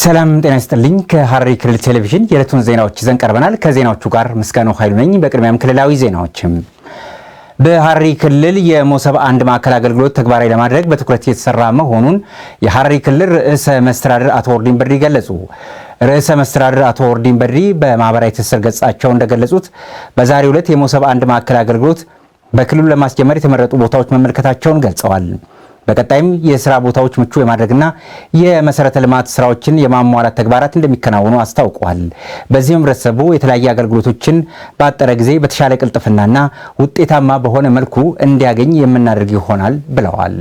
ሰላም ጤና ይስጥልኝ። ከሐረሪ ክልል ቴሌቪዥን የዕለቱን ዜናዎች ይዘን ቀርበናል። ከዜናዎቹ ጋር ምስጋናው ኃይሉ ነኝ። በቅድሚያም ክልላዊ ዜናዎችም በሐረሪ ክልል የሞሰብ አንድ ማዕከል አገልግሎት ተግባራዊ ለማድረግ በትኩረት የተሰራ መሆኑን የሐረሪ ክልል ርዕሰ መስተዳድር አቶ ወርዲን በድሪ ገለጹ። ርዕሰ መስተዳድር አቶ ወርዲን በድሪ በማህበራዊ ትስስር ገጻቸው እንደገለጹት በዛሬው ዕለት የሞሰብ አንድ ማዕከል አገልግሎት በክልሉ ለማስጀመር የተመረጡ ቦታዎች መመልከታቸውን ገልጸዋል። በቀጣይም የስራ ቦታዎች ምቹ የማድረግና የመሰረተ ልማት ስራዎችን የማሟላት ተግባራት እንደሚከናወኑ አስታውቀዋል። በዚህም ህብረተሰቡ የተለያየ አገልግሎቶችን ባጠረ ጊዜ በተሻለ ቅልጥፍናና ውጤታማ በሆነ መልኩ እንዲያገኝ የምናደርግ ይሆናል ብለዋል።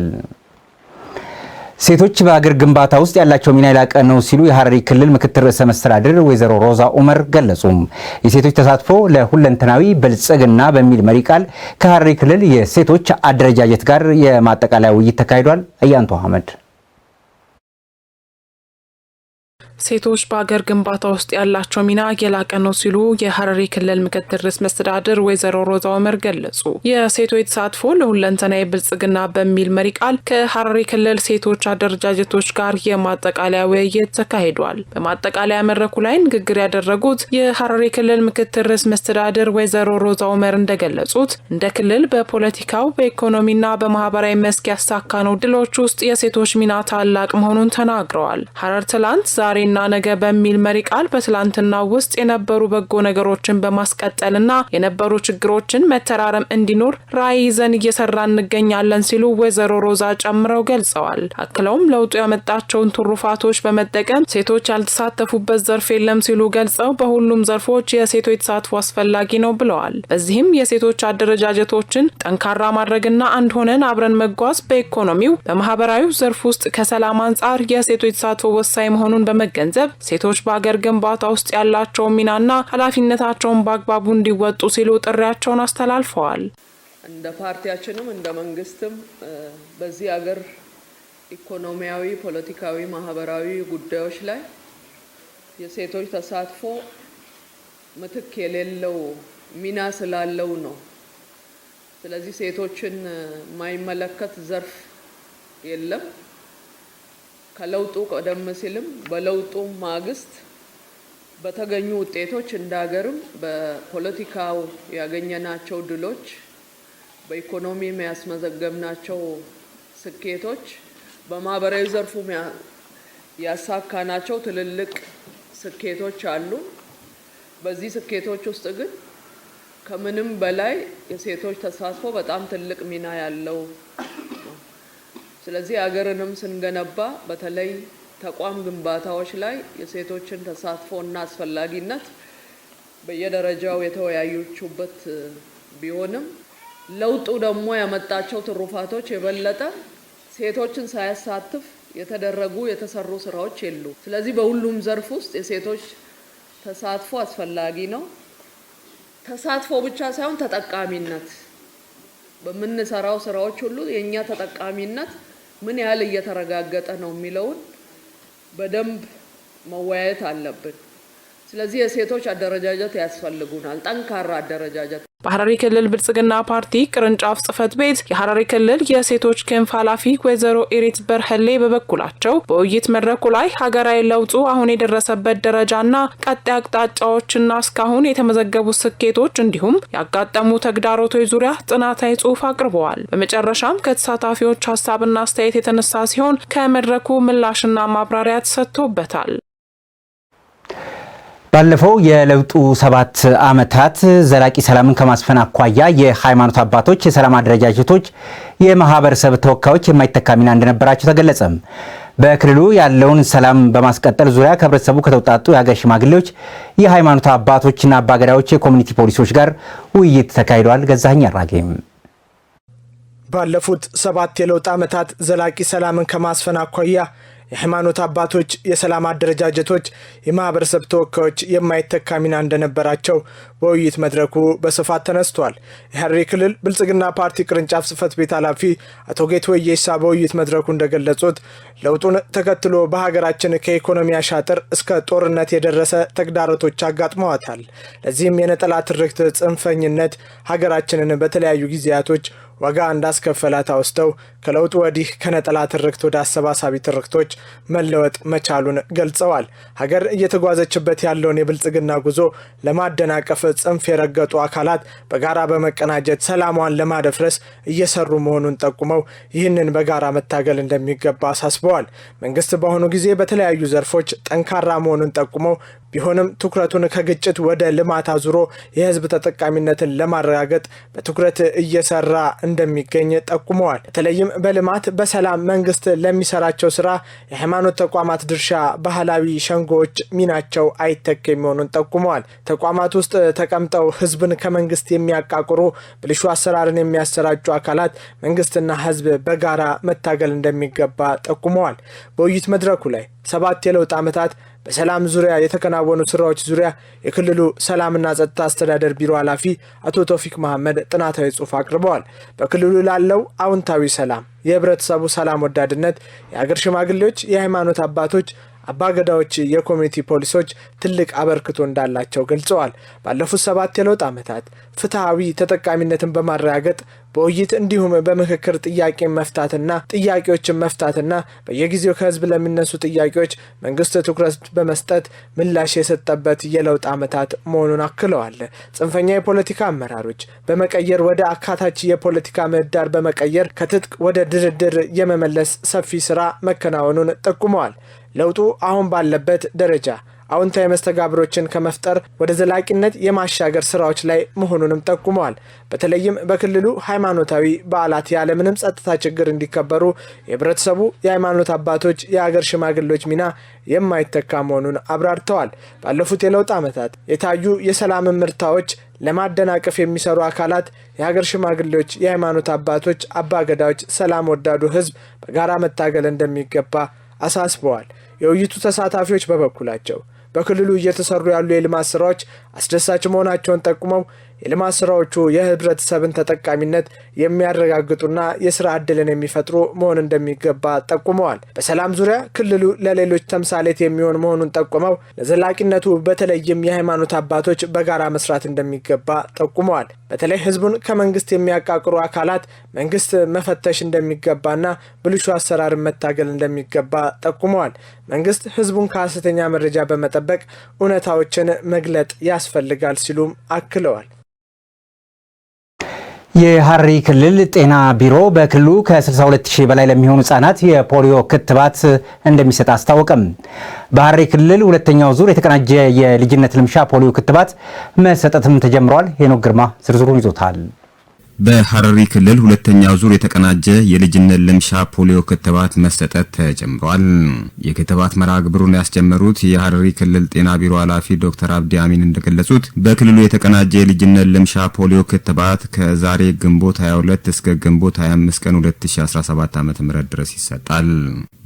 ሴቶች በአገር ግንባታ ውስጥ ያላቸው ሚና የላቀ ነው ሲሉ የሐረሪ ክልል ምክትል ርዕሰ መስተዳድር ወይዘሮ ሮዛ ኡመር ገለጹም። የሴቶች ተሳትፎ ለሁለንተናዊ ብልጽግና በሚል መሪ ቃል ከሐረሪ ክልል የሴቶች አደረጃጀት ጋር የማጠቃለያ ውይይት ተካሂዷል። አያንቱ አህመድ ሴቶች በአገር ግንባታ ውስጥ ያላቸው ሚና የላቀ ነው ሲሉ የሐረሪ ክልል ምክትል ርዕሰ መስተዳድር ወይዘሮ ሮዛ ኦመር ገለጹ። የሴቶች ተሳትፎ ለሁለንተና ብልጽግና በሚል መሪ ቃል ከሐረሪ ክልል ሴቶች አደረጃጀቶች ጋር የማጠቃለያ ውይይት ተካሂዷል። በማጠቃለያ መድረኩ ላይ ንግግር ያደረጉት የሐረሪ ክልል ምክትል ርዕሰ መስተዳድር ወይዘሮ ሮዛ ኦመር እንደገለጹት እንደ ክልል በፖለቲካው በኢኮኖሚና በማህበራዊ መስክ ያሳካነው ድሎች ውስጥ የሴቶች ሚና ታላቅ መሆኑን ተናግረዋል። ሐረር ትላንት ዛሬ ዛሬና ነገ በሚል መሪ ቃል በትላንትና ውስጥ የነበሩ በጎ ነገሮችን በማስቀጠልና የነበሩ ችግሮችን መተራረም እንዲኖር ራዕይ ይዘን እየሰራ እንገኛለን ሲሉ ወይዘሮ ሮዛ ጨምረው ገልጸዋል። አክለውም ለውጡ ያመጣቸውን ትሩፋቶች በመጠቀም ሴቶች ያልተሳተፉበት ዘርፍ የለም ሲሉ ገልጸው በሁሉም ዘርፎች የሴቶች ተሳትፎ አስፈላጊ ነው ብለዋል። በዚህም የሴቶች አደረጃጀቶችን ጠንካራ ማድረግና አንድ ሆነን አብረን መጓዝ በኢኮኖሚው፣ በማህበራዊ ዘርፍ ውስጥ ከሰላም አንጻር የሴቶች ተሳትፎ ወሳኝ መሆኑን በመገ በማስገንዘብ ሴቶች በአገር ግንባታ ውስጥ ያላቸውን ሚናና ኃላፊነታቸውን በአግባቡ እንዲወጡ ሲሉ ጥሪያቸውን አስተላልፈዋል። እንደ ፓርቲያችንም እንደ መንግስትም በዚህ አገር ኢኮኖሚያዊ፣ ፖለቲካዊ፣ ማህበራዊ ጉዳዮች ላይ የሴቶች ተሳትፎ ምትክ የሌለው ሚና ስላለው ነው። ስለዚህ ሴቶችን የማይመለከት ዘርፍ የለም። ከለውጡ ቀደም ሲልም በለውጡ ማግስት በተገኙ ውጤቶች እንደ ሀገርም በፖለቲካው ያገኘናቸው ድሎች፣ በኢኮኖሚ ያስመዘገብናቸው ስኬቶች፣ በማህበራዊ ዘርፉ ያሳካናቸው ትልልቅ ስኬቶች አሉ። በዚህ ስኬቶች ውስጥ ግን ከምንም በላይ የሴቶች ተሳትፎ በጣም ትልቅ ሚና ያለው ስለዚህ ሀገርንም ስንገነባ በተለይ ተቋም ግንባታዎች ላይ የሴቶችን ተሳትፎ እና አስፈላጊነት በየደረጃው የተወያዩችበት ቢሆንም ለውጡ ደግሞ ያመጣቸው ትሩፋቶች የበለጠ ሴቶችን ሳያሳትፍ የተደረጉ የተሰሩ ስራዎች የሉ። ስለዚህ በሁሉም ዘርፍ ውስጥ የሴቶች ተሳትፎ አስፈላጊ ነው። ተሳትፎ ብቻ ሳይሆን ተጠቃሚነት በምንሰራው ስራዎች ሁሉ የእኛ ተጠቃሚነት ምን ያህል እየተረጋገጠ ነው የሚለውን በደንብ መወያየት አለብን። ስለዚህ የሴቶች አደረጃጀት ያስፈልጉናል፣ ጠንካራ አደረጃጀት በሐረሪ ክልል ብልጽግና ፓርቲ ቅርንጫፍ ጽህፈት ቤት የሐረሪ ክልል የሴቶች ክንፍ ኃላፊ ወይዘሮ ኢሪት በርሀሌ በበኩላቸው በውይይት መድረኩ ላይ ሀገራዊ ለውጡ አሁን የደረሰበት ደረጃና ቀጣይ አቅጣጫዎችና እስካሁን የተመዘገቡ ስኬቶች እንዲሁም ያጋጠሙ ተግዳሮቶች ዙሪያ ጥናታዊ ጽሑፍ አቅርበዋል። በመጨረሻም ከተሳታፊዎች ሀሳብና አስተያየት የተነሳ ሲሆን ከመድረኩ ምላሽና ማብራሪያ ተሰጥቶበታል። ባለፈው የለውጡ ሰባት ዓመታት ዘላቂ ሰላምን ከማስፈን አኳያ የሃይማኖት አባቶች፣ የሰላም አደረጃጀቶች፣ የማህበረሰብ ተወካዮች የማይተካ ሚና እንደነበራቸው ተገለጸም። በክልሉ ያለውን ሰላም በማስቀጠል ዙሪያ ከህብረተሰቡ ከተውጣጡ የሀገር ሽማግሌዎች፣ የሃይማኖት አባቶችና አባገዳዎች፣ የኮሚኒቲ ፖሊሶች ጋር ውይይት ተካሂዷል። ገዛኸኝ አራጌም ባለፉት ሰባት የለውጥ ዓመታት ዘላቂ ሰላምን ከማስፈን አኳያ የሃይማኖት አባቶች፣ የሰላም አደረጃጀቶች፣ የማህበረሰብ ተወካዮች የማይተካ ሚና እንደነበራቸው በውይይት መድረኩ በስፋት ተነስቷል። የሐረሪ ክልል ብልጽግና ፓርቲ ቅርንጫፍ ጽህፈት ቤት ኃላፊ አቶ ጌቱ ወየሳ በውይይት መድረኩ እንደገለጹት ለውጡን ተከትሎ በሀገራችን ከኢኮኖሚ አሻጥር እስከ ጦርነት የደረሰ ተግዳሮቶች አጋጥመዋታል። ለዚህም የነጠላ ትርክት ጽንፈኝነት ሀገራችንን በተለያዩ ጊዜያቶች ዋጋ እንዳስከፈላት አውስተው ከለውጡ ወዲህ ከነጠላ ትርክት ወደ አሰባሳቢ ትርክቶች መለወጥ መቻሉን ገልጸዋል። ሀገር እየተጓዘችበት ያለውን የብልጽግና ጉዞ ለማደናቀፍ ጽንፍ የረገጡ አካላት በጋራ በመቀናጀት ሰላሟን ለማደፍረስ እየሰሩ መሆኑን ጠቁመው ይህንን በጋራ መታገል እንደሚገባ አሳስበዋል። መንግስት በአሁኑ ጊዜ በተለያዩ ዘርፎች ጠንካራ መሆኑን ጠቁመው ቢሆንም ትኩረቱን ከግጭት ወደ ልማት አዙሮ የህዝብ ተጠቃሚነትን ለማረጋገጥ በትኩረት እየሰራ እንደሚገኝ ጠቁመዋል። በተለይም በልማት በሰላም መንግስት ለሚሰራቸው ስራ የሃይማኖት ተቋማት ድርሻ ባህላዊ ሸንጎዎች ሚናቸው አይተክ የሚሆኑን ጠቁመዋል። ተቋማት ውስጥ ተቀምጠው ህዝብን ከመንግስት የሚያቃቁሩ ብልሹ አሰራርን የሚያሰራጩ አካላት መንግስትና ህዝብ በጋራ መታገል እንደሚገባ ጠቁመዋል። በውይይት መድረኩ ላይ ሰባት የለውጥ ዓመታት በሰላም ዙሪያ የተከናወኑ ስራዎች ዙሪያ የክልሉ ሰላምና ጸጥታ አስተዳደር ቢሮ ኃላፊ አቶ ቶፊክ መሐመድ ጥናታዊ ጽሑፍ አቅርበዋል። በክልሉ ላለው አውንታዊ ሰላም፣ የህብረተሰቡ ሰላም ወዳድነት፣ የአገር ሽማግሌዎች፣ የሃይማኖት አባቶች፣ አባገዳዎች የኮሚኒቲ ፖሊሶች ትልቅ አበርክቶ እንዳላቸው ገልጸዋል። ባለፉት ሰባት የለውጥ ዓመታት ፍትሐዊ ተጠቃሚነትን በማረጋገጥ በውይይት እንዲሁም በምክክር ጥያቄን መፍታትና ጥያቄዎችን መፍታትና በየጊዜው ከህዝብ ለሚነሱ ጥያቄዎች መንግስት ትኩረት በመስጠት ምላሽ የሰጠበት የለውጥ ዓመታት መሆኑን አክለዋል። ጽንፈኛ የፖለቲካ አመራሮች በመቀየር ወደ አካታች የፖለቲካ ምህዳር በመቀየር ከትጥቅ ወደ ድርድር የመመለስ ሰፊ ስራ መከናወኑን ጠቁመዋል። ለውጡ አሁን ባለበት ደረጃ አዎንታዊ መስተጋብሮችን ከመፍጠር ወደ ዘላቂነት የማሻገር ስራዎች ላይ መሆኑንም ጠቁመዋል። በተለይም በክልሉ ሃይማኖታዊ በዓላት ያለምንም ጸጥታ ችግር እንዲከበሩ የህብረተሰቡ የሃይማኖት አባቶች፣ የሀገር ሽማግሌዎች ሚና የማይተካ መሆኑን አብራርተዋል። ባለፉት የለውጥ ዓመታት የታዩ የሰላም ምርታዎች ለማደናቀፍ የሚሰሩ አካላት፣ የሀገር ሽማግሌዎች፣ የሃይማኖት አባቶች፣ አባገዳዎች ሰላም ወዳዱ ህዝብ በጋራ መታገል እንደሚገባ አሳስበዋል። የውይይቱ ተሳታፊዎች በበኩላቸው በክልሉ እየተሰሩ ያሉ የልማት ስራዎች አስደሳች መሆናቸውን ጠቁመው የልማት ስራዎቹ የህብረተሰብን ተጠቃሚነት የሚያረጋግጡና የስራ ዕድልን የሚፈጥሩ መሆን እንደሚገባ ጠቁመዋል። በሰላም ዙሪያ ክልሉ ለሌሎች ተምሳሌት የሚሆን መሆኑን ጠቁመው ለዘላቂነቱ በተለይም የሃይማኖት አባቶች በጋራ መስራት እንደሚገባ ጠቁመዋል። በተለይ ህዝቡን ከመንግስት የሚያቃቅሩ አካላት መንግስት መፈተሽ እንደሚገባና ብልሹ አሰራር መታገል እንደሚገባ ጠቁመዋል። መንግስት ህዝቡን ከሐሰተኛ መረጃ በመጠበቅ እውነታዎችን መግለጥ ያስፈልጋል ሲሉም አክለዋል። የሐረሪ ክልል ጤና ቢሮ በክልሉ ከ 62000 በላይ ለሚሆኑ ህጻናት የፖሊዮ ክትባት እንደሚሰጥ አስታወቀም። በሐረሪ ክልል ሁለተኛው ዙር የተቀናጀ የልጅነት ልምሻ ፖሊዮ ክትባት መሰጠትም ተጀምሯል። ሄኖክ ግርማ ዝርዝሩን ይዞታል። በሐረሪ ክልል ሁለተኛ ዙር የተቀናጀ የልጅነት ልምሻ ፖሊዮ ክትባት መሰጠት ተጀምሯል። የክትባት መርሃ ግብሩን ያስጀመሩት የሐረሪ ክልል ጤና ቢሮ ኃላፊ ዶክተር አብዲ አሚን እንደገለጹት በክልሉ የተቀናጀ የልጅነት ልምሻ ፖሊዮ ክትባት ከዛሬ ግንቦት 22 እስከ ግንቦት 25 ቀን 2017 ዓ.ም ድረስ ይሰጣል።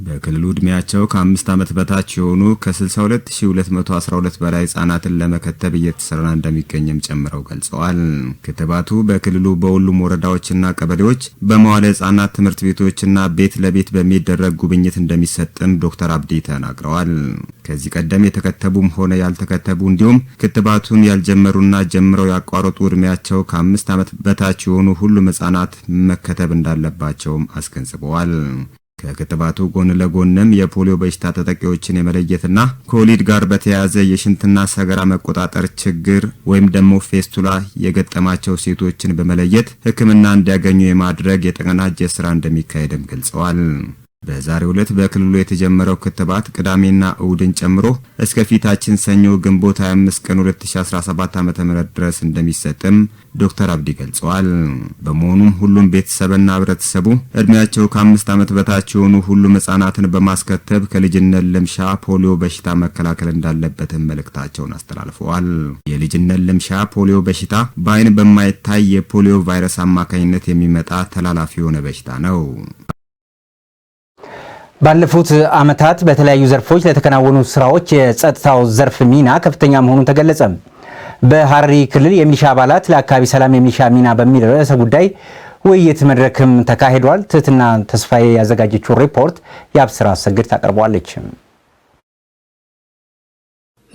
በክልሉ ዕድሜያቸው ከአምስት ዓመት በታች የሆኑ ከ62212 በላይ ህፃናትን ለመከተብ እየተሰራ እንደሚገኝም ጨምረው ገልጸዋል። ክትባቱ በክልሉ በሁሉ በሁሉም ወረዳዎችና ቀበሌዎች በመዋለ ህጻናት ትምህርት ቤቶችና ቤት ለቤት በሚደረግ ጉብኝት እንደሚሰጥም ዶክተር አብዲ ተናግረዋል። ከዚህ ቀደም የተከተቡም ሆነ ያልተከተቡ እንዲሁም ክትባቱን ያልጀመሩና ጀምረው ያቋረጡ እድሜያቸው ከአምስት ዓመት በታች የሆኑ ሁሉም ህጻናት መከተብ እንዳለባቸውም አስገንዝበዋል። ከክትባቱ ጎን ለጎንም የፖሊዮ በሽታ ተጠቂዎችን የመለየትና ከወሊድ ጋር በተያያዘ የሽንትና ሰገራ መቆጣጠር ችግር ወይም ደግሞ ፌስቱላ የገጠማቸው ሴቶችን በመለየት ሕክምና እንዲያገኙ የማድረግ የተቀናጀ ስራ እንደሚካሄድም ገልጸዋል። በዛሬ ዕለት በክልሉ የተጀመረው ክትባት ቅዳሜና እሁድን ጨምሮ እስከ ፊታችን ሰኞ ግንቦት 25 ቀን 2017 ዓ.ም ድረስ እንደሚሰጥም ዶክተር አብዲ ገልጸዋል። በመሆኑም ሁሉም ቤተሰብና ህብረተሰቡ እድሜያቸው ከአምስት ዓመት በታች የሆኑ ሁሉም ህጻናትን በማስከተብ ከልጅነት ልምሻ ፖሊዮ በሽታ መከላከል እንዳለበትም መልእክታቸውን አስተላልፈዋል። የልጅነት ልምሻ ፖሊዮ በሽታ በአይን በማይታይ የፖሊዮ ቫይረስ አማካኝነት የሚመጣ ተላላፊ የሆነ በሽታ ነው። ባለፉት ዓመታት በተለያዩ ዘርፎች ለተከናወኑ ስራዎች የጸጥታው ዘርፍ ሚና ከፍተኛ መሆኑን ተገለጸ። በሐረሪ ክልል የሚሊሻ አባላት ለአካባቢ ሰላም የሚሊሻ ሚና በሚል ርዕሰ ጉዳይ ውይይት መድረክም ተካሂዷል። ትህትና ተስፋዬ ያዘጋጀችው ሪፖርት የአብስራ አሰግድ ታቀርበዋለች።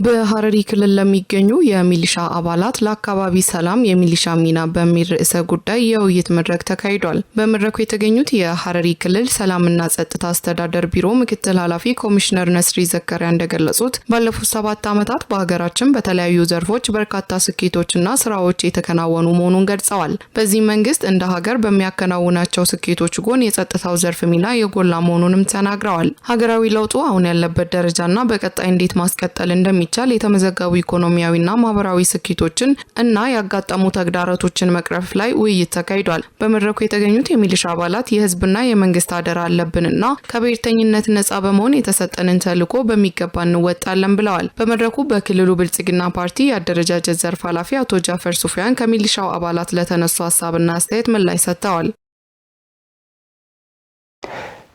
በሐረሪ ክልል ለሚገኙ የሚሊሻ አባላት ለአካባቢ ሰላም የሚሊሻ ሚና በሚል ርዕሰ ጉዳይ የውይይት መድረክ ተካሂዷል። በመድረኩ የተገኙት የሐረሪ ክልል ሰላምና ጸጥታ አስተዳደር ቢሮ ምክትል ኃላፊ ኮሚሽነር ነስሪ ዘከሪያ እንደገለጹት ባለፉት ሰባት ዓመታት በሀገራችን በተለያዩ ዘርፎች በርካታ ስኬቶችና ስራዎች የተከናወኑ መሆኑን ገልጸዋል። በዚህ መንግስት እንደ ሀገር በሚያከናውናቸው ስኬቶች ጎን የጸጥታው ዘርፍ ሚና የጎላ መሆኑንም ተናግረዋል። ሀገራዊ ለውጡ አሁን ያለበት ደረጃና በቀጣይ እንዴት ማስቀጠል እንደሚ እንደሚቻል የተመዘገቡ ኢኮኖሚያዊና ማህበራዊ ስኬቶችን እና ያጋጠሙ ተግዳሮቶችን መቅረፍ ላይ ውይይት ተካሂዷል። በመድረኩ የተገኙት የሚሊሻ አባላት የህዝብና የመንግስት አደራ አለብንና ከብሔርተኝነት ነጻ በመሆን የተሰጠንን ተልዕኮ በሚገባ እንወጣለን ብለዋል። በመድረኩ በክልሉ ብልጽግና ፓርቲ የአደረጃጀት ዘርፍ ኃላፊ አቶ ጃፈር ሱፊያን ከሚሊሻው አባላት ለተነሱ ሀሳብና አስተያየት ምላሽ ሰጥተዋል።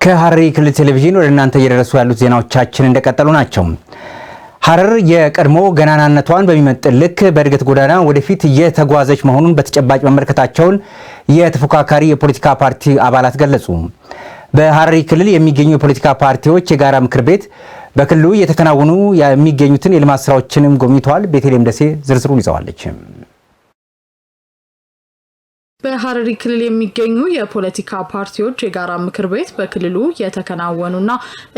ከሐረሪ ክልል ቴሌቪዥን ወደ እናንተ እየደረሱ ያሉት ዜናዎቻችን እንደቀጠሉ ናቸው። ሐረር የቀድሞ ገናናነቷን በሚመጥን ልክ በእድገት ጎዳና ወደፊት እየተጓዘች መሆኑን በተጨባጭ መመልከታቸውን የተፎካካሪ የፖለቲካ ፓርቲ አባላት ገለጹ። በሐረሪ ክልል የሚገኙ የፖለቲካ ፓርቲዎች የጋራ ምክር ቤት በክልሉ እየተከናወኑ የሚገኙትን የልማት ስራዎችንም ጎብኝተዋል። ቤተልሔም ደሴ ዝርዝሩን ይዘዋለች። በሀረሪ ክልል የሚገኙ የፖለቲካ ፓርቲዎች የጋራ ምክር ቤት በክልሉ የተከናወኑና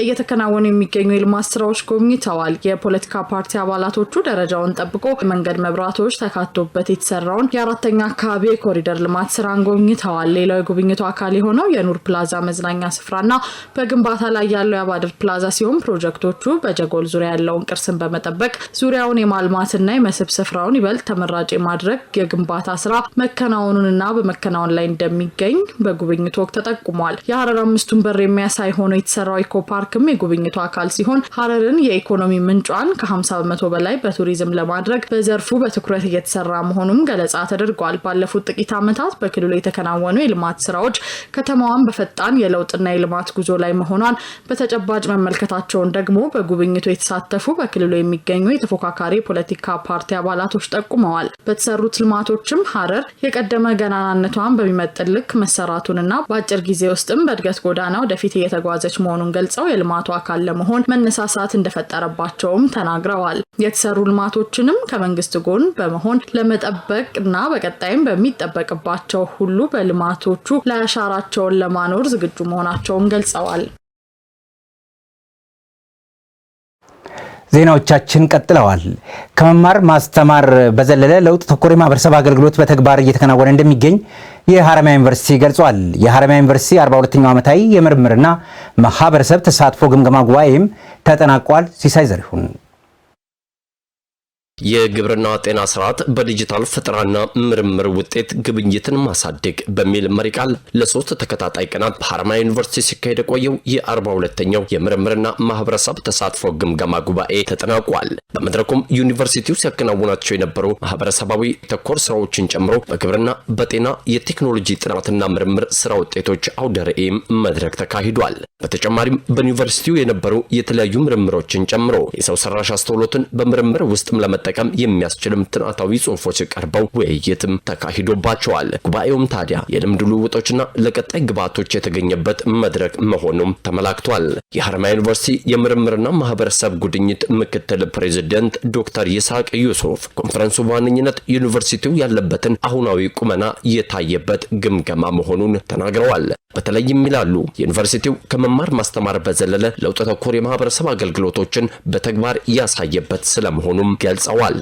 እየተከናወኑ የሚገኙ የልማት ስራዎች ጎብኝተዋል። የፖለቲካ ፓርቲ አባላቶቹ ደረጃውን ጠብቆ የመንገድ መብራቶች ተካቶበት የተሰራውን የአራተኛ አካባቢ የኮሪደር ልማት ስራን ጎብኝተዋል። ሌላው የጉብኝቱ አካል የሆነው የኑር ፕላዛ መዝናኛ ስፍራና በግንባታ ላይ ያለው የአባድር ፕላዛ ሲሆን ፕሮጀክቶቹ በጀጎል ዙሪያ ያለውን ቅርስን በመጠበቅ ዙሪያውን የማልማትና የመስህብ ስፍራውን ይበልጥ ተመራጭ የማድረግ የግንባታ ስራ መከናወኑንና በመከናወን ላይ እንደሚገኝ በጉብኝቱ ወቅት ተጠቁሟል። የሀረር አምስቱን በር የሚያሳይ ሆኖ የተሰራው ኢኮ ፓርክም የጉብኝቱ አካል ሲሆን ሀረርን የኢኮኖሚ ምንጯን ከ50 በመቶ በላይ በቱሪዝም ለማድረግ በዘርፉ በትኩረት እየተሰራ መሆኑም ገለጻ ተደርጓል። ባለፉት ጥቂት ዓመታት በክልሉ የተከናወኑ የልማት ስራዎች ከተማዋን በፈጣን የለውጥና የልማት ጉዞ ላይ መሆኗን በተጨባጭ መመልከታቸውን ደግሞ በጉብኝቱ የተሳተፉ በክልሉ የሚገኙ የተፎካካሪ የፖለቲካ ፓርቲ አባላቶች ጠቁመዋል። በተሰሩት ልማቶችም ሀረር የቀደመ ገና ። ገናነቷን በሚመጥን ልክ መሰራቱንና በአጭር ጊዜ ውስጥም በእድገት ጎዳና ወደፊት እየተጓዘች መሆኑን ገልጸው የልማቱ አካል ለመሆን መነሳሳት እንደፈጠረባቸውም ተናግረዋል። የተሰሩ ልማቶችንም ከመንግስት ጎን በመሆን ለመጠበቅ እና በቀጣይም በሚጠበቅባቸው ሁሉ በልማቶቹ ላይ አሻራቸውን ለማኖር ዝግጁ መሆናቸውን ገልጸዋል። ዜናዎቻችን ቀጥለዋል። ከመማር ማስተማር በዘለለ ለውጥ ተኮር የማህበረሰብ አገልግሎት በተግባር እየተከናወነ እንደሚገኝ የሐረማያ ዩኒቨርሲቲ ገልጿል። የሐረማያ ዩኒቨርሲቲ 42ኛው ዓመታዊ የምርምርና ማህበረሰብ ተሳትፎ ግምገማ ጉባኤም ተጠናቋል። ሲሳይ ዘሪሁን የግብርና ጤና ስርዓት በዲጂታል ፈጠራና ምርምር ውጤት ግብኝትን ማሳደግ በሚል መሪ ቃል ለሶስት ተከታታይ ቀናት በሀረማያ ዩኒቨርሲቲ ሲካሄድ የቆየው የአርባ ሁለተኛው የምርምርና ማህበረሰብ ተሳትፎ ግምገማ ጉባኤ ተጠናቋል። በመድረኩም ዩኒቨርሲቲው ሲያከናውናቸው የነበሩ ማህበረሰባዊ ተኮር ስራዎችን ጨምሮ በግብርና በጤና የቴክኖሎጂ ጥናትና ምርምር ስራ ውጤቶች አውደ ርዕይም መድረክ ተካሂዷል። በተጨማሪም በዩኒቨርሲቲው የነበሩ የተለያዩ ምርምሮችን ጨምሮ የሰው ሰራሽ አስተውሎትን በምርምር ውስጥም ለመጠ መጠቀም የሚያስችልም ጥናታዊ ጽሁፎች ቀርበው ውይይትም ተካሂዶባቸዋል። ጉባኤውም ታዲያ የልምድ ልውውጦችና ለቀጣይ ግብዓቶች የተገኘበት መድረክ መሆኑም ተመላክቷል። የሀረማያ ዩኒቨርሲቲ የምርምርና ማህበረሰብ ጉድኝት ምክትል ፕሬዚደንት ዶክተር ይስሐቅ ዩሱፍ ኮንፈረንሱ በዋነኝነት ዩኒቨርሲቲው ያለበትን አሁናዊ ቁመና የታየበት ግምገማ መሆኑን ተናግረዋል። በተለይም ይላሉ ዩኒቨርሲቲው ከመማር ማስተማር በዘለለ ለውጥ ተኮር የማህበረሰብ አገልግሎቶችን በተግባር ያሳየበት ስለመሆኑም ገልጸዋል። ገልጸዋል።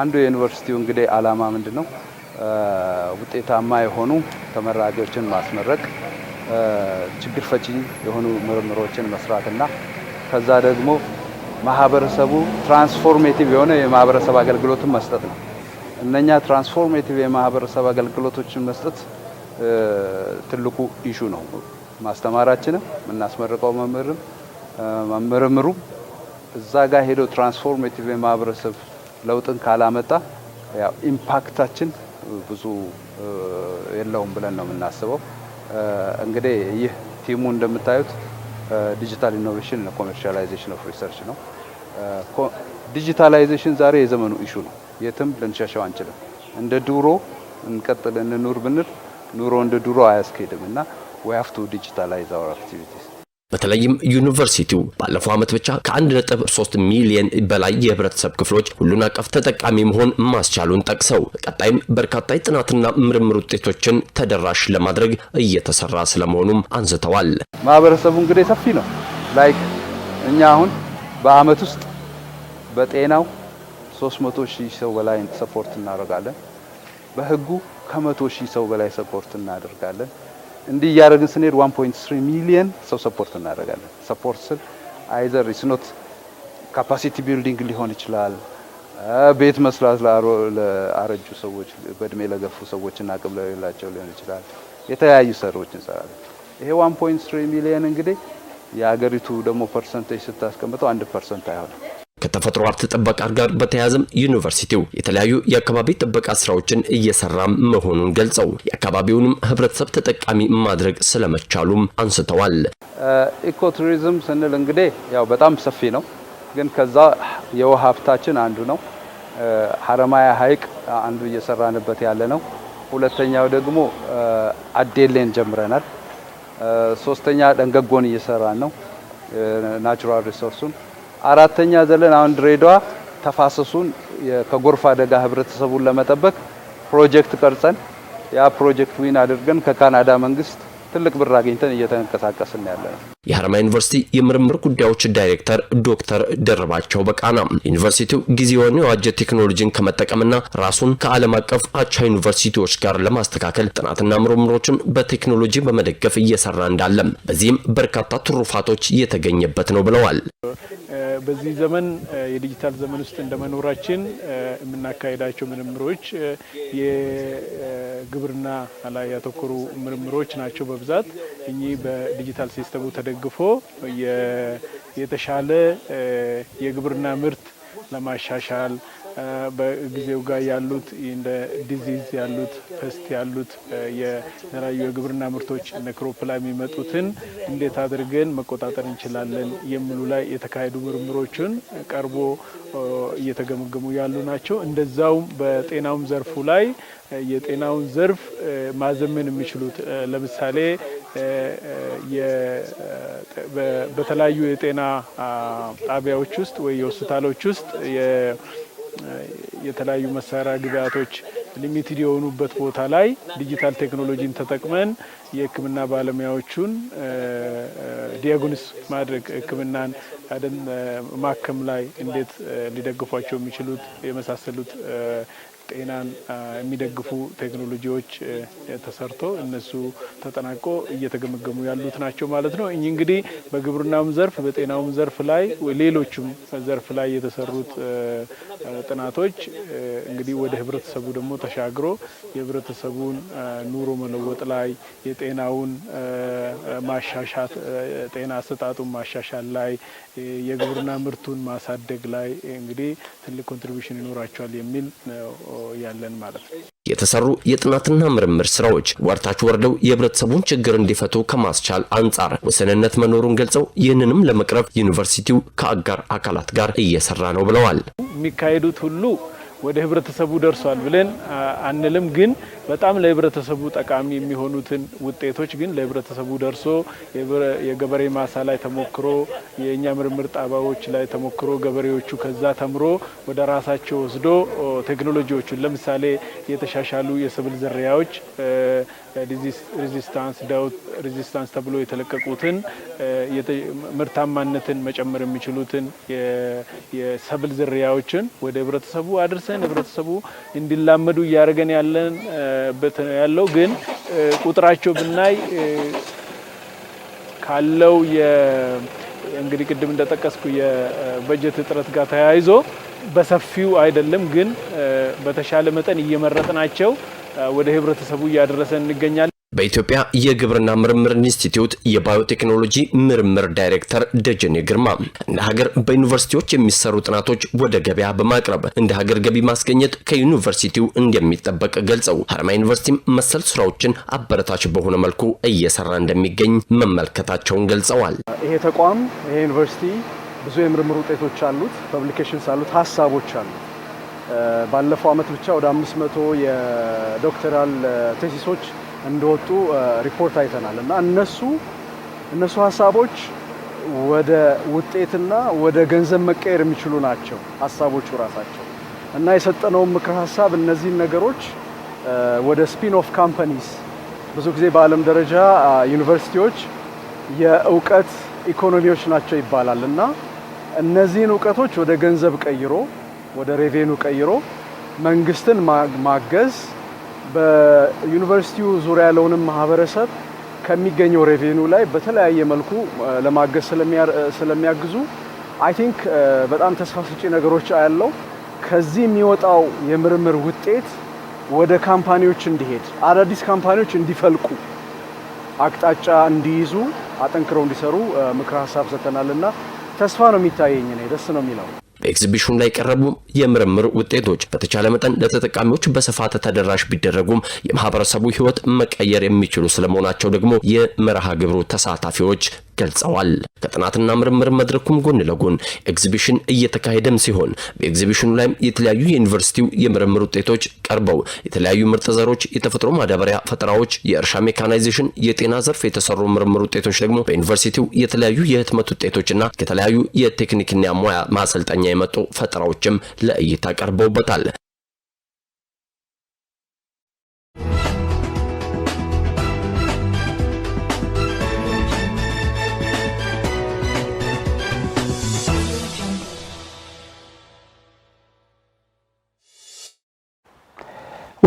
አንዱ የዩኒቨርሲቲው እንግዲህ አላማ ምንድን ነው? ውጤታማ የሆኑ ተመራቂዎችን ማስመረቅ፣ ችግር ፈቺ የሆኑ ምርምሮችን መስራትና ከዛ ደግሞ ማህበረሰቡ ትራንስፎርሜቲቭ የሆነ የማህበረሰብ አገልግሎትን መስጠት ነው። እነኛ ትራንስፎርሜቲቭ የማህበረሰብ አገልግሎቶችን መስጠት ትልቁ ኢሹ ነው። ማስተማራችንም የምናስመርቀው መምህርም ምርምሩም እዛ ጋር ሄዶ ትራንስፎርሜቲቭ የማህበረሰብ ለውጥን ካላመጣ ያው ኢምፓክታችን ብዙ የለውም ብለን ነው የምናስበው። እንግዲህ ይህ ቲሙ እንደምታዩት ዲጂታል ኢኖቬሽን ኮሜርሻላይዜሽን ኦፍ ሪሰርች ነው። ዲጂታላይዜሽን ዛሬ የዘመኑ ኢሹ ነው። የትም ልንሸሸው አንችልም። እንደ ድሮ እንቀጥል እንኑር ብንል ኑሮ እንደ ድሮ አያስኬድም እና ዊ ቱ ዲጂታላይዝ አወር አክቲቪቲስ በተለይም ዩኒቨርሲቲው ባለፈው ዓመት ብቻ ከ1.3 ሚሊዮን በላይ የህብረተሰብ ክፍሎች ሁሉን አቀፍ ተጠቃሚ መሆን ማስቻሉን ጠቅሰው በቀጣይም በርካታ የጥናትና ምርምር ውጤቶችን ተደራሽ ለማድረግ እየተሰራ ስለመሆኑም አንስተዋል። ማህበረሰቡ እንግዲህ ሰፊ ነው። ላይክ እኛ አሁን በአመት ውስጥ በጤናው 300 ሺህ ሰው በላይ ሰፖርት እናደርጋለን። በህጉ ከ ሺህ ሰው በላይ ሰፖርት እናደርጋለን። እንዲህ እያደረግን ስንሄድ 1.3 ሚሊየን ሰው ሰፖርት እናደርጋለን። ሰፖርት ስል አይዘር ኢስ ኖት ካፓሲቲ ቢልዲንግ ሊሆን ይችላል፣ ቤት መስራት ለአረጁ ሰዎች፣ በእድሜ ለገፉ ሰዎች እና አቅም ለሌላቸው ሊሆን ይችላል። የተለያዩ ሰሮች እንሰራለን። ይሄ 1.3 ሚሊየን እንግዲህ የሀገሪቱ ደግሞ ፐርሰንቴጅ ስታስቀምጠው አንድ ፐርሰንት አይሆንም። ከተፈጥሮ ሀብት ጥበቃ ጋር በተያያዘም ዩኒቨርሲቲው የተለያዩ የአካባቢ ጥበቃ ስራዎችን እየሰራ መሆኑን ገልጸው የአካባቢውንም ህብረተሰብ ተጠቃሚ ማድረግ ስለመቻሉም አንስተዋል። ኢኮቱሪዝም ስንል እንግዲህ ያው በጣም ሰፊ ነው፣ ግን ከዛ የውሃ ሀብታችን አንዱ ነው። ሀረማያ ሀይቅ አንዱ እየሰራንበት ያለ ነው። ሁለተኛው ደግሞ አዴሌን ጀምረናል። ሶስተኛ ደንገጎን እየሰራን ነው ናቹራል ሪሶርሱን አራተኛ ዘለን አሁን ድሬዳዋ ተፋሰሱን ከጎርፍ አደጋ ህብረተሰቡን ለመጠበቅ ፕሮጀክት ቀርጸን ያ ፕሮጀክት ዊን አድርገን ከካናዳ መንግስት ትልቅ ብር አግኝተን እየተንቀሳቀስን ያለ ነው። የሐረማያ ዩኒቨርሲቲ የምርምር ጉዳዮች ዳይሬክተር ዶክተር ደረባቸው በቃና ዩኒቨርሲቲው ጊዜውን የዋጀ ቴክኖሎጂን ከመጠቀምና ራሱን ከዓለም አቀፍ አቻ ዩኒቨርሲቲዎች ጋር ለማስተካከል ጥናትና ምርምሮችን በቴክኖሎጂ በመደገፍ እየሰራ እንዳለም በዚህም በርካታ ትሩፋቶች እየተገኘበት ነው ብለዋል። በዚህ ዘመን የዲጂታል ዘመን ውስጥ እንደመኖራችን የምናካሄዳቸው ምርምሮች የግብርና ላይ ያተኮሩ ምርምሮች ናቸው በብዛት እኚህ በዲጂታል ሲስተሙ ተደግ ተደግፎ የተሻለ የግብርና ምርት ለማሻሻል በጊዜው ጋር ያሉት እንደ ዲዚዝ ያሉት ፐስት ያሉት የተለያዩ የግብርና ምርቶች እንደ ክሮፕላ የሚመጡትን እንዴት አድርገን መቆጣጠር እንችላለን የሚሉ ላይ የተካሄዱ ምርምሮችን ቀርቦ እየተገመገሙ ያሉ ናቸው። እንደዛውም በጤናውም ዘርፉ ላይ የጤናውን ዘርፍ ማዘመን የሚችሉት ለምሳሌ በተለያዩ የጤና ጣቢያዎች ውስጥ ወይ የሆስፒታሎች ውስጥ የተለያዩ መሳሪያ ግብአቶች ሊሚትድ የሆኑበት ቦታ ላይ ዲጂታል ቴክኖሎጂን ተጠቅመን የሕክምና ባለሙያዎቹን ዲያግኖስ ማድረግ ሕክምናን ማከም ላይ እንዴት ሊደግፏቸው የሚችሉት የመሳሰሉት ጤናን የሚደግፉ ቴክኖሎጂዎች ተሰርቶ እነሱ ተጠናቆ እየተገመገሙ ያሉት ናቸው ማለት ነው። እኚህ እንግዲህ በግብርናውም ዘርፍ በጤናውም ዘርፍ ላይ ሌሎችም ዘርፍ ላይ የተሰሩት ጥናቶች እንግዲህ ወደ ህብረተሰቡ ደግሞ ተሻግሮ የህብረተሰቡን ኑሮ መለወጥ ላይ የጤናውን ማሻሻት ጤና አሰጣጡን ማሻሻል ላይ የግብርና ምርቱን ማሳደግ ላይ እንግዲህ ትልቅ ኮንትሪቢሽን ይኖራቸዋል የሚል ነው። ያለን ማለት ነው። የተሰሩ የጥናትና ምርምር ስራዎች ወርታች ወርደው የህብረተሰቡን ችግር እንዲፈቱ ከማስቻል አንጻር ውስንነት መኖሩን ገልጸው ይህንንም ለመቅረፍ ዩኒቨርሲቲው ከአጋር አካላት ጋር እየሰራ ነው ብለዋል። የሚካሄዱት ሁሉ ወደ ህብረተሰቡ ደርሷል ብለን አንልም ግን በጣም ለህብረተሰቡ ጠቃሚ የሚሆኑትን ውጤቶች ግን ለህብረተሰቡ ደርሶ የገበሬ ማሳ ላይ ተሞክሮ የእኛ ምርምር ጣቢያዎች ላይ ተሞክሮ ገበሬዎቹ ከዛ ተምሮ ወደ ራሳቸው ወስዶ ቴክኖሎጂዎቹን ለምሳሌ የተሻሻሉ የሰብል ዝርያዎች ሬዚስታንስ ዳውት ሬዚስታንስ ተብሎ የተለቀቁትን ምርታማነትን መጨመር የሚችሉትን የሰብል ዝርያዎችን ወደ ህብረተሰቡ አድርሰን ህብረተሰቡ እንዲላመዱ እያደረገን ያለን ያለው ግን ቁጥራቸው ብናይ ካለው እንግዲህ ቅድም እንደጠቀስኩ የበጀት እጥረት ጋር ተያይዞ በሰፊው አይደለም፣ ግን በተሻለ መጠን ናቸው ወደ ህብረተሰቡ እያደረሰን እንገኛለን። በኢትዮጵያ የግብርና ምርምር ኢንስቲትዩት የባዮቴክኖሎጂ ምርምር ዳይሬክተር ደጀኔ ግርማ እንደ ሀገር በዩኒቨርሲቲዎች የሚሰሩ ጥናቶች ወደ ገበያ በማቅረብ እንደ ሀገር ገቢ ማስገኘት ከዩኒቨርሲቲው እንደሚጠበቅ ገልጸው ሀረማ ዩኒቨርሲቲም መሰል ስራዎችን አበረታች በሆነ መልኩ እየሰራ እንደሚገኝ መመልከታቸውን ገልጸዋል። ይሄ ተቋም ይሄ ዩኒቨርሲቲ ብዙ የምርምር ውጤቶች አሉት፣ ፐብሊኬሽንስ አሉት፣ ሀሳቦች አሉ። ባለፈው አመት ብቻ ወደ አምስት መቶ የዶክተራል ቴሲሶች እንደወጡ ሪፖርት አይተናል እና እነሱ እነሱ ሀሳቦች ወደ ውጤትና ወደ ገንዘብ መቀየር የሚችሉ ናቸው ሀሳቦቹ ራሳቸው እና የሰጠነውን ምክር ሀሳብ እነዚህን ነገሮች ወደ ስፒን ኦፍ ካምፓኒስ ብዙ ጊዜ በዓለም ደረጃ ዩኒቨርሲቲዎች የእውቀት ኢኮኖሚዎች ናቸው ይባላል እና እነዚህን እውቀቶች ወደ ገንዘብ ቀይሮ ወደ ሬቬኑ ቀይሮ መንግስትን ማገዝ በዩኒቨርሲቲው ዙሪያ ያለውንም ማህበረሰብ ከሚገኘው ሬቬኑ ላይ በተለያየ መልኩ ለማገዝ ስለሚያግዙ አይ ቲንክ በጣም ተስፋ ሰጪ ነገሮች ያለው ከዚህ የሚወጣው የምርምር ውጤት ወደ ካምፓኒዎች እንዲሄድ አዳዲስ ካምፓኒዎች እንዲፈልቁ አቅጣጫ እንዲይዙ አጠንክረው እንዲሰሩ ምክረ ሀሳብ ሰጥተናል እና ተስፋ ነው የሚታየኝ። ደስ ነው የሚለው በኤግዚቢሽኑ ላይ የቀረቡ የምርምር ውጤቶች በተቻለ መጠን ለተጠቃሚዎች በስፋት ተደራሽ ቢደረጉም የማህበረሰቡ ህይወት መቀየር የሚችሉ ስለመሆናቸው ደግሞ የመርሃ ግብሩ ተሳታፊዎች ገልጸዋል። ከጥናትና ምርምር መድረኩም ጎን ለጎን ኤግዚቢሽን እየተካሄደም ሲሆን በኤግዚቢሽኑ ላይም የተለያዩ የዩኒቨርሲቲው የምርምር ውጤቶች ቀርበው የተለያዩ ምርጥ ዘሮች፣ የተፈጥሮ ማዳበሪያ ፈጠራዎች፣ የእርሻ ሜካናይዜሽን፣ የጤና ዘርፍ የተሰሩ ምርምር ውጤቶች ደግሞ በዩኒቨርሲቲው የተለያዩ የህትመት ውጤቶችና ከተለያዩ የቴክኒክና ሙያ ማሰልጠኛ የመጡ ፈጠራዎችም ለእይታ ቀርበውበታል።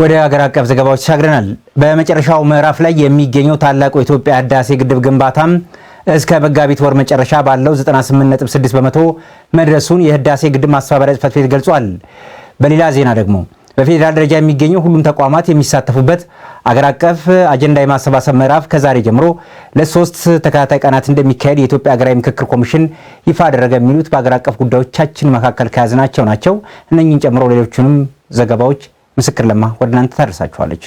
ወደ ሀገር አቀፍ ዘገባዎች ተሻግረናል። በመጨረሻው ምዕራፍ ላይ የሚገኘው ታላቁ የኢትዮጵያ ህዳሴ ግድብ ግንባታም እስከ መጋቢት ወር መጨረሻ ባለው 98.6 በመቶ መድረሱን የህዳሴ ግድብ ማስተባበሪያ ጽሕፈት ቤት ገልጿል። በሌላ ዜና ደግሞ በፌዴራል ደረጃ የሚገኙ ሁሉም ተቋማት የሚሳተፉበት አገር አቀፍ አጀንዳ የማሰባሰብ ምዕራፍ ከዛሬ ጀምሮ ለሶስት ተከታታይ ቀናት እንደሚካሄድ የኢትዮጵያ ሀገራዊ ምክክር ኮሚሽን ይፋ አደረገ። የሚሉት በአገር አቀፍ ጉዳዮቻችን መካከል ከያዝናቸው ናቸው። እነኝን ጨምሮ ሌሎቹንም ዘገባዎች ምስክር ለማ ወደ እናንተ ታደርሳችኋለች።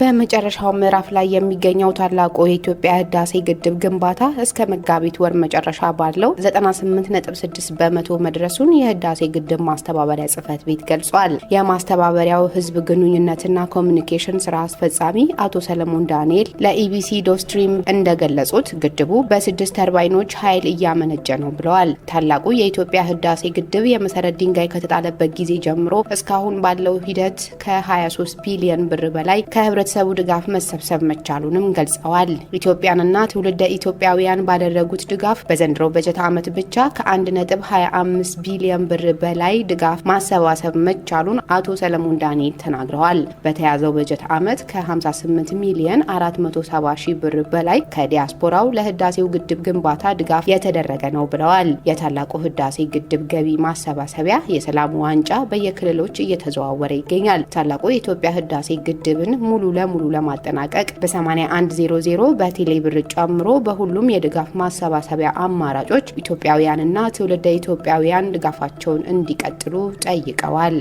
በመጨረሻው ምዕራፍ ላይ የሚገኘው ታላቁ የኢትዮጵያ ህዳሴ ግድብ ግንባታ እስከ መጋቢት ወር መጨረሻ ባለው 98.6 በመቶ መድረሱን የህዳሴ ግድብ ማስተባበሪያ ጽህፈት ቤት ገልጿል። የማስተባበሪያው ህዝብ ግንኙነትና ኮሚኒኬሽን ስራ አስፈጻሚ አቶ ሰለሞን ዳንኤል ለኢቢሲ ዶስትሪም እንደገለጹት ግድቡ በስድስት ተርባይኖች ኃይል እያመነጨ ነው ብለዋል። ታላቁ የኢትዮጵያ ህዳሴ ግድብ የመሰረት ድንጋይ ከተጣለበት ጊዜ ጀምሮ እስካሁን ባለው ሂደት ከ23 ቢሊዮን ብር በላይ ከህብረ የህብረተሰቡ ድጋፍ መሰብሰብ መቻሉንም ገልጸዋል። ኢትዮጵያንና ትውልደ ኢትዮጵያውያን ባደረጉት ድጋፍ በዘንድሮ በጀት ዓመት ብቻ ከ1.25 ቢሊዮን ብር በላይ ድጋፍ ማሰባሰብ መቻሉን አቶ ሰለሞን ዳንኤል ተናግረዋል። በተያዘው በጀት ዓመት ከ58 ሚሊዮን 470 ሺህ ብር በላይ ከዲያስፖራው ለህዳሴው ግድብ ግንባታ ድጋፍ የተደረገ ነው ብለዋል። የታላቁ ህዳሴ ግድብ ገቢ ማሰባሰቢያ የሰላም ዋንጫ በየክልሎች እየተዘዋወረ ይገኛል። ታላቁ የኢትዮጵያ ህዳሴ ግድብን ሙሉ ለሙሉ ለማጠናቀቅ በ8100 በቴሌ ብር ጨምሮ በሁሉም የድጋፍ ማሰባሰቢያ አማራጮች ኢትዮጵያውያንና ትውልደ ኢትዮጵያውያን ድጋፋቸውን እንዲቀጥሉ ጠይቀዋል።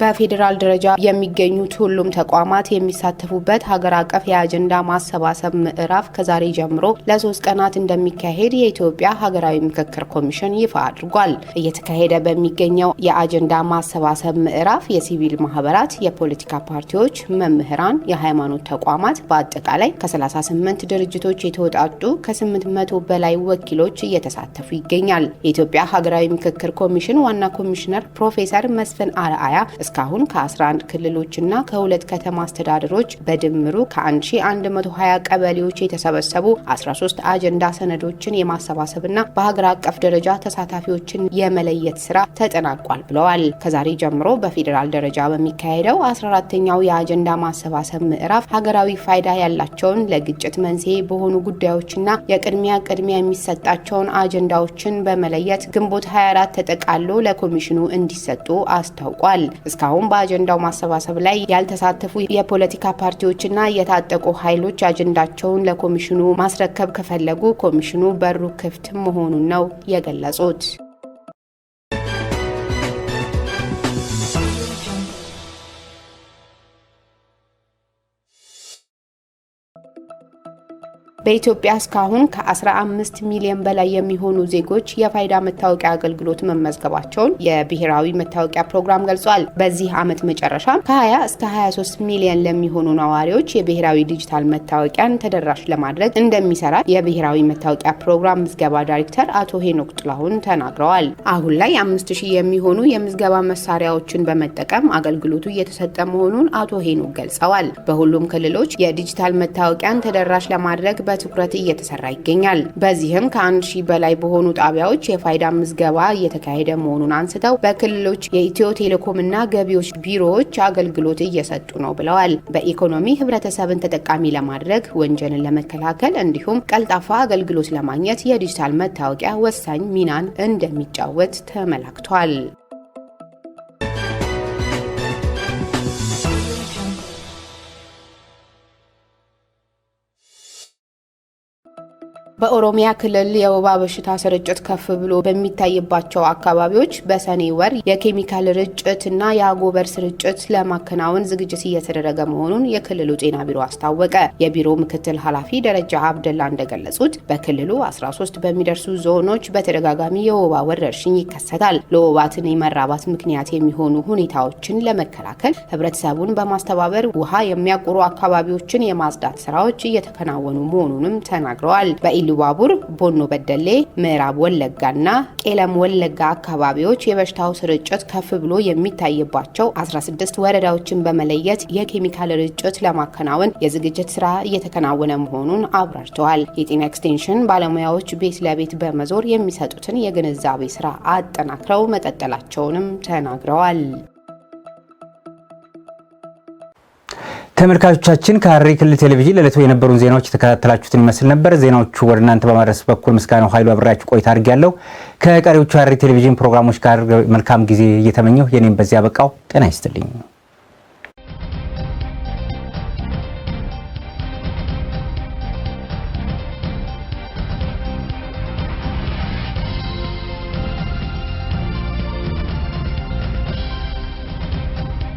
በፌዴራል ደረጃ የሚገኙት ሁሉም ተቋማት የሚሳተፉበት ሀገር አቀፍ የአጀንዳ ማሰባሰብ ምዕራፍ ከዛሬ ጀምሮ ለሶስት ቀናት እንደሚካሄድ የኢትዮጵያ ሀገራዊ ምክክር ኮሚሽን ይፋ አድርጓል። እየተካሄደ በሚገኘው የአጀንዳ ማሰባሰብ ምዕራፍ የሲቪል ማህበራት፣ የፖለቲካ ፓርቲዎች፣ መምህራን፣ የሃይማኖት ተቋማት በአጠቃላይ ከ38 ድርጅቶች የተውጣጡ ከ800 በላይ ወኪሎች እየተሳተፉ ይገኛል። የኢትዮጵያ ሀገራዊ ምክክር ኮሚሽን ዋና ኮሚሽነር ፕሮፌሰር መስፍን አርአያ እስካሁን ከ11 ክልሎችና ከሁለት ከተማ አስተዳደሮች በድምሩ ከ1120 ቀበሌዎች የተሰበሰቡ 13 አጀንዳ ሰነዶችን የማሰባሰብና በሀገር አቀፍ ደረጃ ተሳታፊዎችን የመለየት ስራ ተጠናቋል ብለዋል። ከዛሬ ጀምሮ በፌዴራል ደረጃ በሚካሄደው 14ተኛው የአጀንዳ ማሰባሰብ ምዕራፍ ሀገራዊ ፋይዳ ያላቸውን ለግጭት መንስኤ በሆኑ ጉዳዮችና የቅድሚያ ቅድሚያ የሚሰጣቸውን አጀንዳዎችን በመለየት ግንቦት 24 ተጠቃሎ ለኮሚሽኑ እንዲሰጡ አስታውቋል። እስካሁን በአጀንዳው ማሰባሰብ ላይ ያልተሳተፉ የፖለቲካ ፓርቲዎችና የታጠቁ ኃይሎች አጀንዳቸውን ለኮሚሽኑ ማስረከብ ከፈለጉ ኮሚሽኑ በሩ ክፍት መሆኑን ነው የገለጹት። በኢትዮጵያ እስካሁን ከ15 ሚሊዮን በላይ የሚሆኑ ዜጎች የፋይዳ መታወቂያ አገልግሎት መመዝገባቸውን የብሔራዊ መታወቂያ ፕሮግራም ገልጿል። በዚህ ዓመት መጨረሻ ከ20 እስከ 23 ሚሊዮን ለሚሆኑ ነዋሪዎች የብሔራዊ ዲጂታል መታወቂያን ተደራሽ ለማድረግ እንደሚሰራ የብሔራዊ መታወቂያ ፕሮግራም ምዝገባ ዳይሬክተር አቶ ሄኖክ ጥላሁን ተናግረዋል። አሁን ላይ 5000 ሺህ የሚሆኑ የምዝገባ መሳሪያዎችን በመጠቀም አገልግሎቱ እየተሰጠ መሆኑን አቶ ሄኖክ ገልጸዋል። በሁሉም ክልሎች የዲጂታል መታወቂያን ተደራሽ ለማድረግ በትኩረት እየተሰራ ይገኛል። በዚህም ከአንድ ሺህ በላይ በሆኑ ጣቢያዎች የፋይዳ ምዝገባ እየተካሄደ መሆኑን አንስተው በክልሎች የኢትዮ ቴሌኮምና ገቢዎች ቢሮዎች አገልግሎት እየሰጡ ነው ብለዋል። በኢኮኖሚ ህብረተሰብን ተጠቃሚ ለማድረግ ወንጀልን ለመከላከል እንዲሁም ቀልጣፋ አገልግሎት ለማግኘት የዲጂታል መታወቂያ ወሳኝ ሚናን እንደሚጫወት ተመላክቷል። በኦሮሚያ ክልል የወባ በሽታ ስርጭት ከፍ ብሎ በሚታይባቸው አካባቢዎች በሰኔ ወር የኬሚካል ርጭት እና የአጎበር ስርጭት ለማከናወን ዝግጅት እየተደረገ መሆኑን የክልሉ ጤና ቢሮ አስታወቀ። የቢሮ ምክትል ኃላፊ ደረጃ አብደላ እንደገለጹት በክልሉ 13 በሚደርሱ ዞኖች በተደጋጋሚ የወባ ወረርሽኝ ይከሰታል። ለወባትን የመራባት ምክንያት የሚሆኑ ሁኔታዎችን ለመከላከል ህብረተሰቡን በማስተባበር ውሃ የሚያቁሩ አካባቢዎችን የማጽዳት ስራዎች እየተከናወኑ መሆኑንም ተናግረዋል። ኢሉባቡር፣ ቦኖ በደሌ፣ ምዕራብ ወለጋና ቄለም ወለጋ አካባቢዎች የበሽታው ስርጭት ከፍ ብሎ የሚታይባቸው 16 ወረዳዎችን በመለየት የኬሚካል ርጭት ለማከናወን የዝግጅት ስራ እየተከናወነ መሆኑን አብራርተዋል። የጤና ኤክስቴንሽን ባለሙያዎች ቤት ለቤት በመዞር የሚሰጡትን የግንዛቤ ስራ አጠናክረው መቀጠላቸውንም ተናግረዋል። ተመልካቾቻችን ከሐረሪ ክልል ቴሌቪዥን ለዕለቱ የነበሩን ዜናዎች የተከታተላችሁትን ይመስል ነበር። ዜናዎቹ ወደ እናንተ በማድረስ በኩል ምስጋናው ኃይሉ አብሬያችሁ ቆይታ አድርጌያለሁ። ከቀሪዎቹ ሐረሪ ቴሌቪዥን ፕሮግራሞች ጋር መልካም ጊዜ እየተመኘሁ የኔም በዚያ በቃው። ጤና ይስጥልኝ።